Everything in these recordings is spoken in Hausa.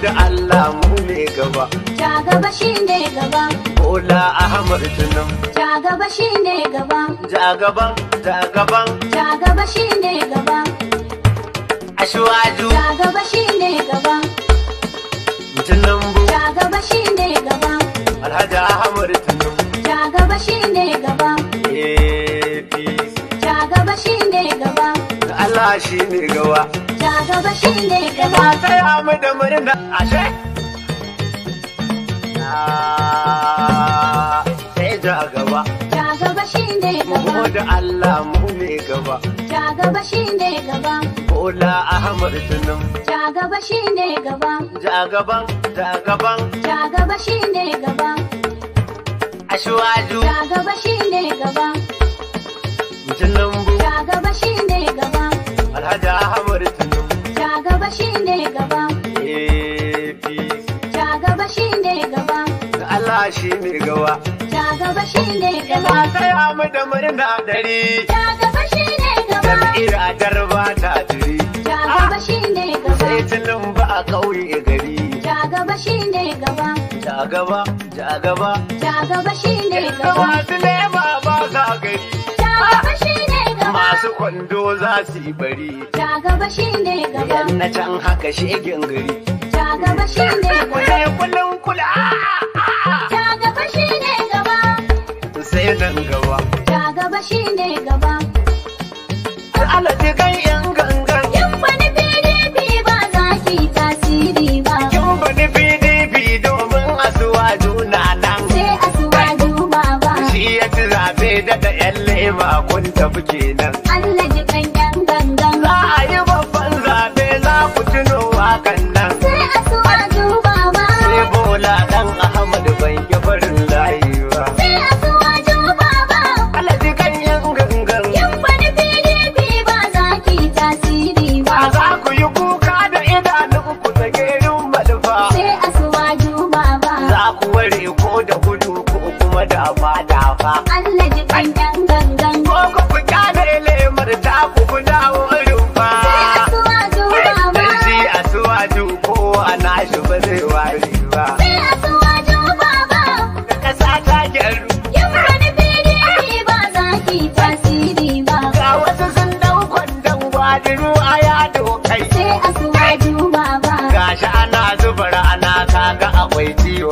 da Allah mu ne gaba. Ja gaba shi ne gaba. Bola Ahmad Tunum. Ja gaba shi ne gaba. Ja gaba, ja gaba. Ja gaba shi ne gaba. Ashwaju. Ja gaba shi ne gaba. bu. Ja gaba shi ne gaba. Alhaji Ahmad Tunum. Ja gaba shi ne gaba. peace. Ja gaba shi ne gaba. Allah shi ne gaba. ta gaba shi ne gaba. Sai amu da murna ashe. Ah, sai ja gaba. Ja gaba shi ne gaba. Mu da Allah mu ne gaba. Ja gaba shi ne gaba. Bola Ahmad Tunum. Ja gaba shi ne gaba. Ja gaban, ja gaban. Ja gaba shi ne gaba. Ashuwa Allah shi ne gawa. Ja gaba shi ne gaba. Kai amu da murna dari. Ja gaba shi ne gaba. Jam'ir a darba ta jiri. Ja gaba shi ne gaba. Sai tilin ba a kauye gari. Ja gaba shi ne gaba. Ja gaba, ja gaba. Ja gaba shi ne gaba. Masu lema ba za gari. Ja gaba shi ne gaba. Masu kwando za su yi bari. Ja gaba shi ne gaba. Yan na can haka shegen gari. Ja gaba shi ne gaba. Kullum kula. ne nan gaba. Ja gaba shi ne gaba. Al'alaji gan yan gangan. Kin bani PDP ba za ki tasiri ba. Kin bani PDP domin asuwa juna nan. Sai asuwa duba ba. Shi ya ci zaɓe daga yan lema kun tafi kenan. Allah kaga akwai ciwo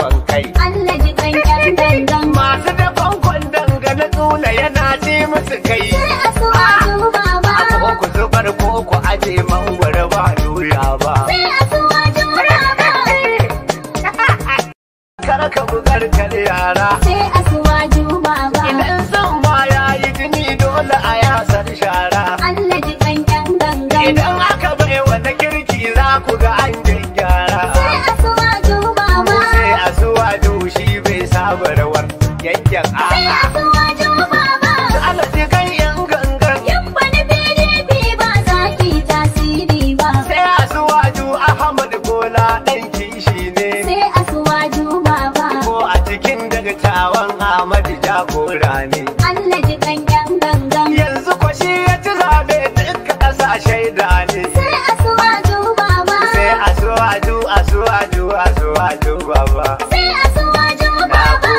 asuwaju asuwaju baba. Sai asuwaju baba.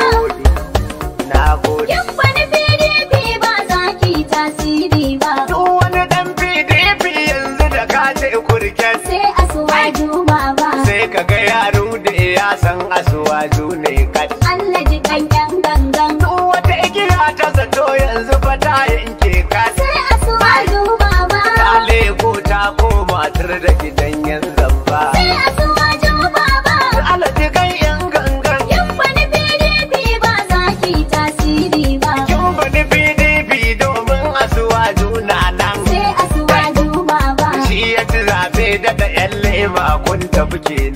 Na na Yan wani PDP ba za ki tasiri ba. Duk wani ɗan PDP yanzu da ka ce kurken. Sai asuwaju baba. Sai ka ga yaro da ya san asuwaju ne jama'a kun tafi fice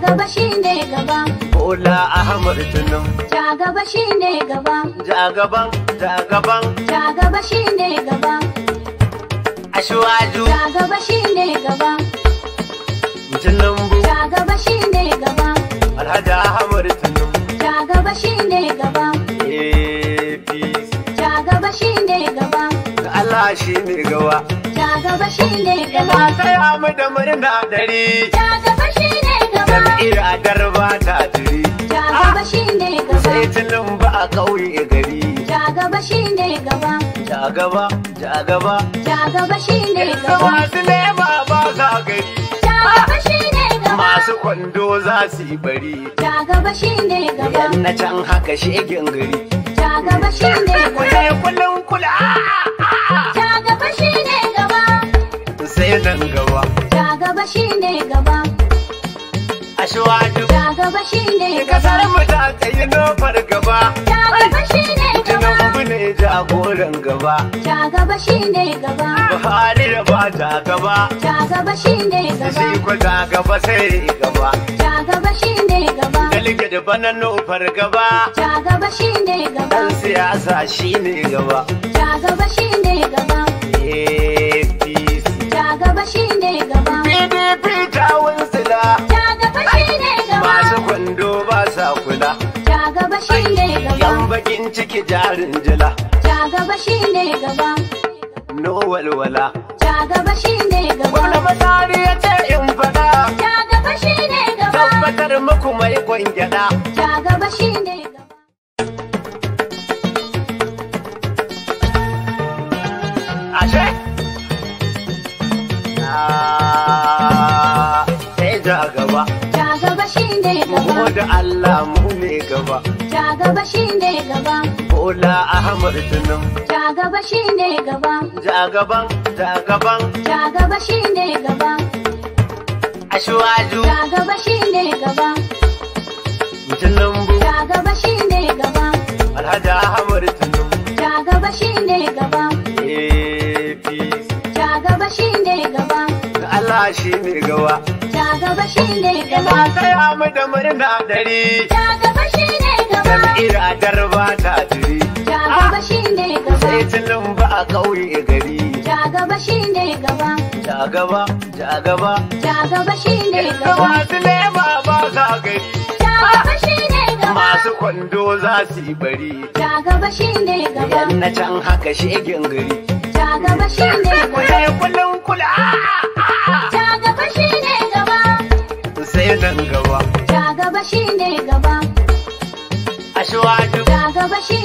gaba shine gaba. Bola Ahmad Tunum. Ja gaba shine gaba. Ja gaba, ja gaba. Ja gaba shine gaba. Ashwaju. Ja gaba shine gaba. Tinubu. Ja gaba shine gaba. Alhaji Ahmad Tunum. Ja gaba shine gaba. APC. Ja gaba shine gaba. Allah shine gaba. Ja gaba shine gaba. Ina taya mu da murna dare. Ja gaba shine iri a garba ta jiri ja ah! gaba shi ne gaba sai tilin ba a ƙauye gari ja gaba shi ne gaba ja gaba ja gaba ja gaba shi ne gaba masu lema ba sa gari ja gaba shi ne gaba masu kwando za su yi bari ja gaba shi ne gaba yan na can haka shegen gari ja gaba shi ne gaba kulai kullun kula ah, ah, ja gaba shi ne gaba sai nan gaba ja gaba shi ne gaba kasuwa duk. Ta gaba shi ne gaba. Kasar mu ta tsayi nufar gaba. Ta gaba shi ne gaba. mu ne jagoran gaba. Ta gaba shi ne gaba. Buhari da ba ta gaba. Ta gaba shi ne gaba. Shi ko ta gaba sai gaba. Ta gaba shi ne gaba. Dalike da bana nufar gaba. Ta gaba shi ne gaba. Dan siyasa shi ne gaba. Ta gaba shi ne gaba. APC. Ta gaba shi ne gaba. PDP ta wunsila. bakin ciki jarin jila. Ja gaba shi ne gaba. No walwala. Ja gaba shi ne gaba. Gwamna Masari ya ce in faɗa. Ja gaba shi ne gaba. Tabbatar muku mai gyaɗa. Ja gaba shi ne gaba. shine gaba. Mu da Allah mu ne gaba. Ja gaba shine gaba. Bola Ahmad Tunum. Ja gaba shine gaba. Ja gaban, ja gaban. Ja gaba shine gaba. Ashwaju. Ja gaba shine gaba. Tunumbu. Ja gaba shine gaba. Alhaji Ahmad Tunum. Ja gaba shine gaba. APC. Ja gaba shine gaba. Allah shine gaba. gaba ne gaba sai amu da murna dare ja gaba shine gaba jam'ira darba ta jiri ja ah! gaba ne gaba sai tilin ba a kauye gari ja gaba ne gaba ja gaba ja gaba ja gaba shine gaba masu lema ba za gari ja gaba ah! ne gaba masu kwando za su yi bari ja gaba ne gaba yan na can haka shegen gari ja gaba shine gaba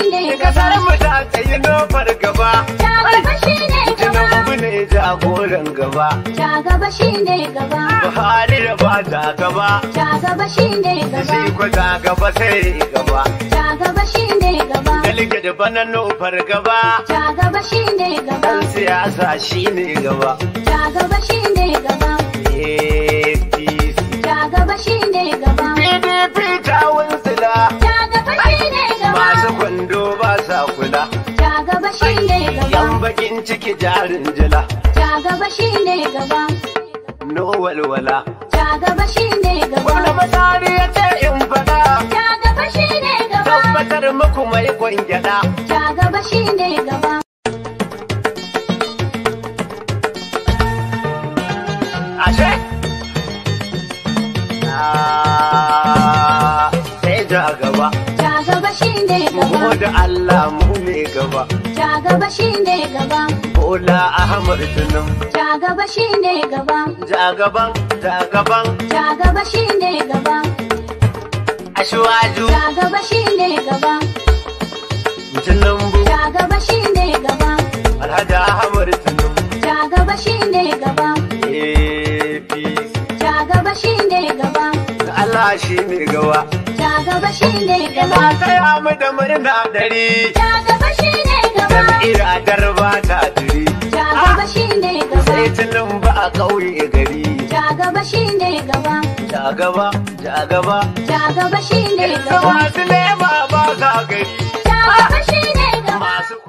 ne kasar mu ta yi nofar gaba shagaba shi ne gaba mu ne jagoran gaba shagaba shi ne gaba buhari da ba ta gaba shagaba shi ne gaba shi ko ta gaba sai gaba shagaba shi ne gaba dalike da bana nofar gaba shagaba shi ne gaba dan siyasa shine gaba shagaba shi ne gaba APC shagaba shi ne gaba PDP ta wunsila kula kula. Ja gaba shi ne gaba. Yan bakin ciki jarin jila. Ja gaba shi ne gaba. No walwala. Ja gaba shi ne gaba. Wanda misali ya ce in faɗa. Ja gaba shi ne gaba. Tabbatar muku mai kwangyada. Ja gaba shi ne gaba. shine gaba. Mu da Allah mu ne gaba. Ja gaba shine gaba. Bola Ahmad Tunum. Ja gaba shine gaba. Ja gaban, ja gaban. Ja gaba shine gaba. Ashwaju. Ja gaba shine gaba. Tunumbu. Ja gaba shine gaba. Alhaji Ahmad Tunum. Ja gaba shine gaba. APC. Ja gaba shine gaba. Allah shine gaba. gaba ne gaba Ina taya mu da murna dare ja gaba ne gaba jam'ira garba ta dare ja gaba shine gaba ah, sai tunan ba a kauye gari ja gaba ne gaba ja gaba ja gaba ja gaba shine gaba masu lema ba za gari ja gaba ne gaba